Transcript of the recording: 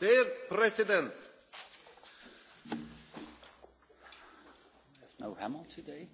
Dear President, There's no Hamill today.